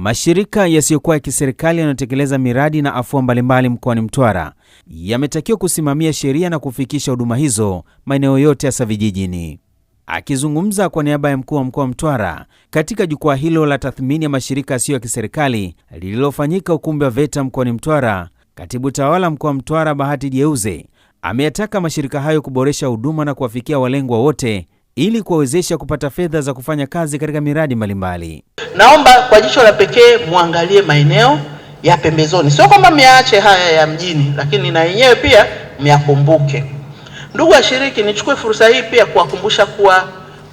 Mashirika yasiyokuwa ya kiserikali yanayotekeleza miradi na afua mbalimbali mkoani Mtwara yametakiwa kusimamia sheria na kufikisha huduma hizo maeneo yote hasa vijijini. Akizungumza kwa niaba ya mkuu wa mkoa wa Mtwara katika jukwaa hilo la tathmini ya mashirika yasiyo ya kiserikali lililofanyika ukumbi wa VETA mkoani Mtwara, katibu tawala mkoa wa Mtwara Bahati Jeuze ameyataka mashirika hayo kuboresha huduma na kuwafikia walengwa wote ili kuwawezesha kupata fedha za kufanya kazi katika miradi mbalimbali. Naomba kwa jicho la pekee muangalie maeneo ya pembezoni, sio kwamba miache haya ya mjini, lakini na yenyewe pia myakumbuke. Ndugu washiriki, nichukue fursa hii pia kuwakumbusha kuwa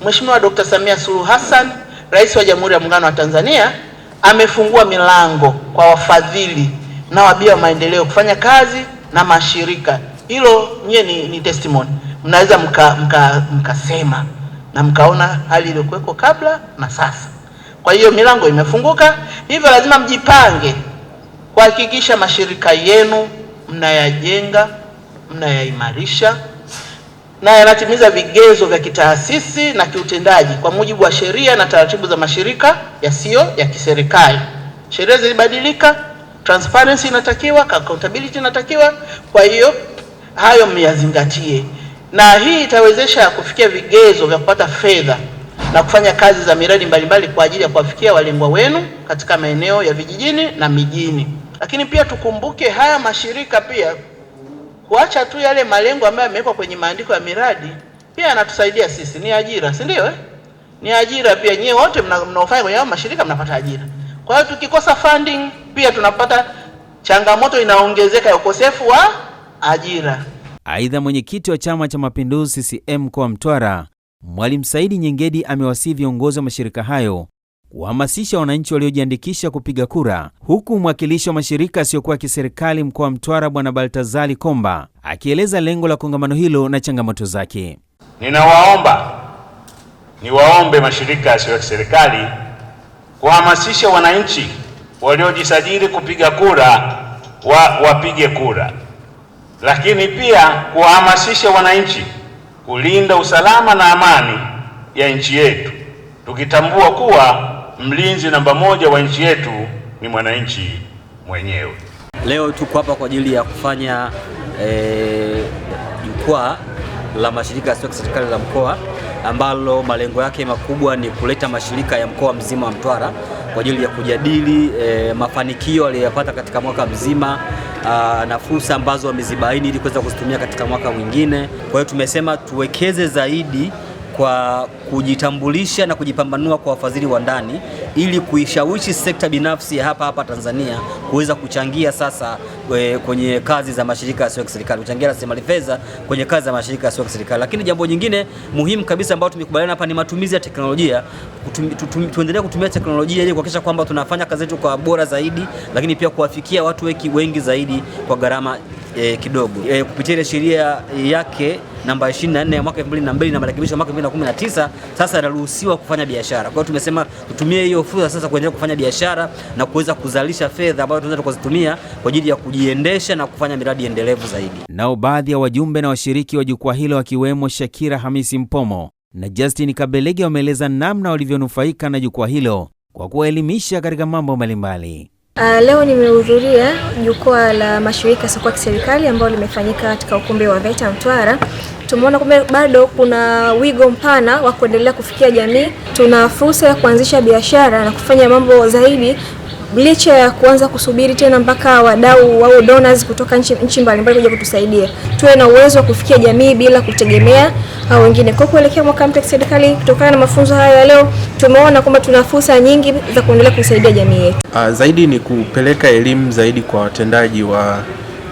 Mheshimiwa Dr. Samia Suluhu Hassan, Rais wa Jamhuri ya Muungano wa Tanzania, amefungua milango kwa wafadhili na wabia wa maendeleo kufanya kazi na mashirika. Hilo nyie ni, ni testimony mnaweza mkasema mka, mka na mkaona hali iliyokuweko kabla na sasa. Kwa hiyo milango imefunguka, hivyo lazima mjipange kuhakikisha mashirika yenu mnayajenga, mnayaimarisha na yanatimiza vigezo vya kitaasisi na kiutendaji kwa mujibu wa sheria na taratibu za mashirika yasiyo ya, ya kiserikali. Sheria zilibadilika, transparency inatakiwa, accountability inatakiwa. Kwa hiyo hayo myazingatie na hii itawezesha kufikia vigezo vya kupata fedha na kufanya kazi za miradi mbalimbali kwa ajili ya kuwafikia walengwa wenu katika maeneo ya vijijini na mijini. Lakini pia tukumbuke haya mashirika pia kuacha tu yale malengo ambayo yamewekwa kwenye maandiko ya miradi, pia yanatusaidia sisi, ni ajira, si ndio? Eh, ni ajira pia, nyewe wote mnaofanya kwenye hayo mashirika mnapata ajira. Kwa hiyo tukikosa funding, pia tunapata changamoto inaongezeka ya ukosefu wa ajira. Aidha, mwenyekiti wa Chama cha Mapinduzi CCM mkoa wa Mtwara, Mwalimu Saidi Nyengedi, amewasihi viongozi wa mashirika hayo kuhamasisha wananchi waliojiandikisha kupiga kura, huku mwakilishi wa mashirika asiyokuwa ya kiserikali mkoa wa Mtwara Bwana Baltazali Komba akieleza lengo la kongamano hilo na changamoto zake. Ninawaomba, niwaombe mashirika yasiyo ya kiserikali kuhamasisha wananchi waliojisajili kupiga kura wa, wapige kura lakini pia kuwahamasisha wananchi kulinda usalama na amani ya nchi yetu, tukitambua kuwa mlinzi namba moja wa nchi yetu ni mwananchi mwenyewe. Leo tuko hapa kwa ajili ya kufanya e, jukwaa e, la mashirika yasiyo kiserikali la mkoa ambalo malengo yake makubwa ni kuleta mashirika ya mkoa mzima wa Mtwara kwa ajili ya kujadili e, mafanikio aliyoyapata katika mwaka mzima. Uh, na fursa ambazo wamezibaini ili kuweza kuzitumia katika mwaka mwingine. Kwa hiyo tumesema tuwekeze zaidi kwa kujitambulisha na kujipambanua kwa wafadhili wa ndani ili kuishawishi sekta binafsi ya hapa hapa Tanzania kuweza kuchangia sasa e, kwenye kazi za mashirika yasiyo ya serikali, kuchangia rasilimali fedha kwenye kazi za mashirika yasiyo ya serikali. Lakini jambo nyingine muhimu kabisa ambalo tumekubaliana hapa ni matumizi ya teknolojia. Tuendelee kutumia teknolojia ili kuhakikisha kwamba tunafanya kazi yetu kwa bora zaidi, lakini pia kuwafikia watu wengi zaidi kwa gharama e, kidogo e, kupitia ile sheria yake namba 24 ya mwaka 2022 na marekebisho ya mwaka 2019, sasa yanaruhusiwa kufanya biashara. Kwa hiyo tumesema tutumie hiyo fursa sasa kuendelea kufanya biashara na kuweza kuzalisha fedha ambazo tunaweza tukazitumia kwa ajili ya kujiendesha na kufanya miradi endelevu zaidi. Nao baadhi ya wajumbe na washiriki wa jukwaa hilo wakiwemo Shakira Hamisi Mpomo na Justin Kabelege wameeleza namna walivyonufaika na jukwaa hilo kwa kuwaelimisha katika mambo mbalimbali. Uh, leo nimehudhuria jukwaa la mashirika sokoa kiserikali ambayo limefanyika katika ukumbi wa VETA Mtwara tumeona kumbe bado kuna wigo mpana wa kuendelea kufikia jamii. Tuna fursa ya kuanzisha biashara na kufanya mambo zaidi licha ya kuanza kusubiri tena mpaka wadau au donors kutoka nchi nchi mbalimbali kuja kutusaidia. Tuwe na uwezo wa kufikia jamii bila kutegemea au wengine. Kwa kuelekea mwaka mpya serikali, kutokana na mafunzo haya ya leo, tumeona kwamba tuna fursa nyingi za kuendelea kusaidia jamii yetu. Ah, zaidi ni kupeleka elimu zaidi kwa watendaji wa,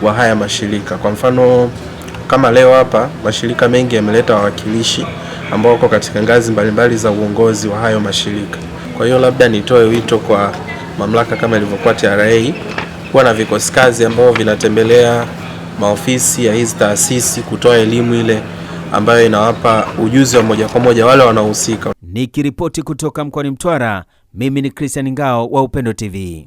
wa haya mashirika kwa mfano kama leo hapa mashirika mengi yameleta wawakilishi ambao wako katika ngazi mbalimbali za uongozi wa hayo mashirika. Kwa hiyo labda nitoe wito kwa mamlaka kama ilivyokuwa TRA kuwa na vikosi kazi ambao vinatembelea maofisi ya hizi taasisi kutoa elimu ile ambayo inawapa ujuzi wa moja kwa moja wale wanaohusika. Nikiripoti kutoka mkoani Mtwara, mimi ni Christian Ngao wa Upendo TV.